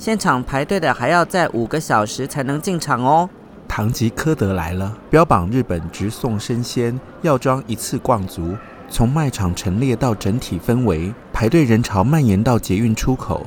現場排隊的還要在五個小時才能進場哦。唐吉訶德來了，標榜日本直送生鮮，要裝一次逛足。從賣場陳列到整體氛圍，排隊人潮蔓延到捷運出口。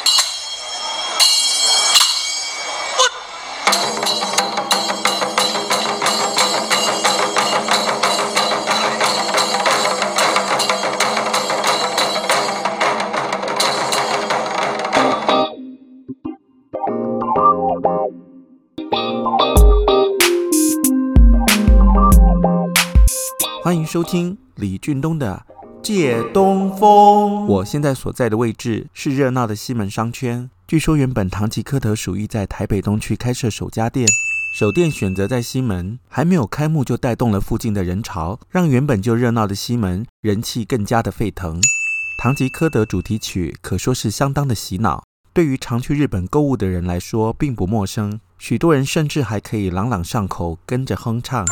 歡迎收聽李俊東的《借東風》。我現在所在的位置是熱鬧的西門商圈。據說原本唐吉訶德屬意在台北東區開設首家店，首店選擇在西門，還沒有開幕就帶動了附近的人潮，讓原本就熱鬧的西門人氣更加的沸騰。唐吉訶德主題曲可說是相當的洗腦，對於常去日本購物的人來說並不陌生，許多人甚至還可以朗朗上口跟着哼唱。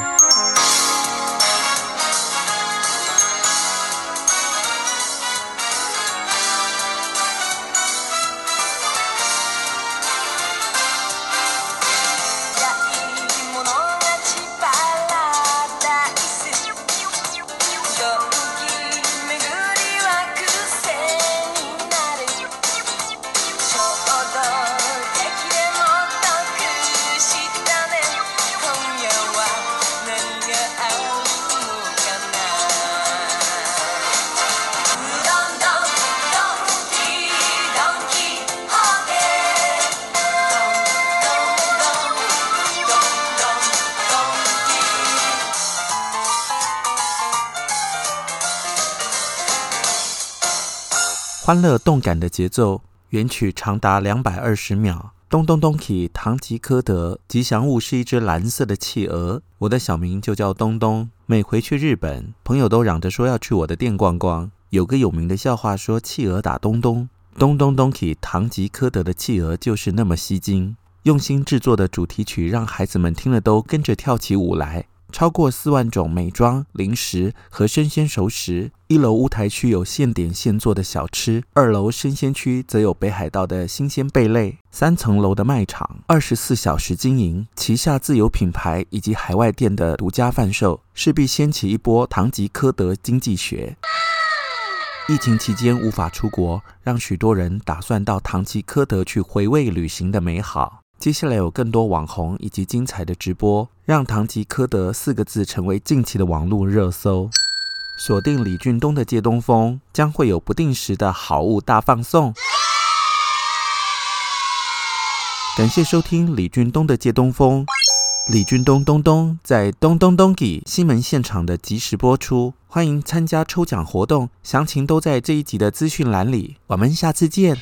歡樂動感的節奏，原曲長達兩百二十秒。咚咚咚 key 唐吉訶德，吉祥物是一只藍色的企鵝，我的小名就叫東東。每回去日本，朋友都嚷着說要去我的店逛逛。有個有名的笑話說企鵝打東東。咚咚咚 key 唐吉訶德的企鵝就是那麼吸睛。用心制作的主題曲，讓孩子們聽了都跟着跳起舞來。超過四萬種美妝、零食和生鮮熟食。一樓屋台區有現點現做的小吃，二樓生鮮區則有北海道的新鮮貝類。三層樓的賣場，二十四小時經營，旗下自有品牌以及海外店的獨家販售，勢必掀起一波唐吉訶德經濟學。疫情期間無法出國，讓許多人打算到唐吉訶德去回味旅行的美好。接下來有更多網紅以及精彩的直播。讓《唐吉訶德》四個字成為近期的網絡熱搜，鎖定李俊東的《借東風》，將會有不定時的好物大放送。感謝收聽李俊東的《借東風》，李俊東東東在東東東西門現場的即時播出，歡迎參加抽獎活動，詳情都在這一集的資訊欄裡。我們下次見。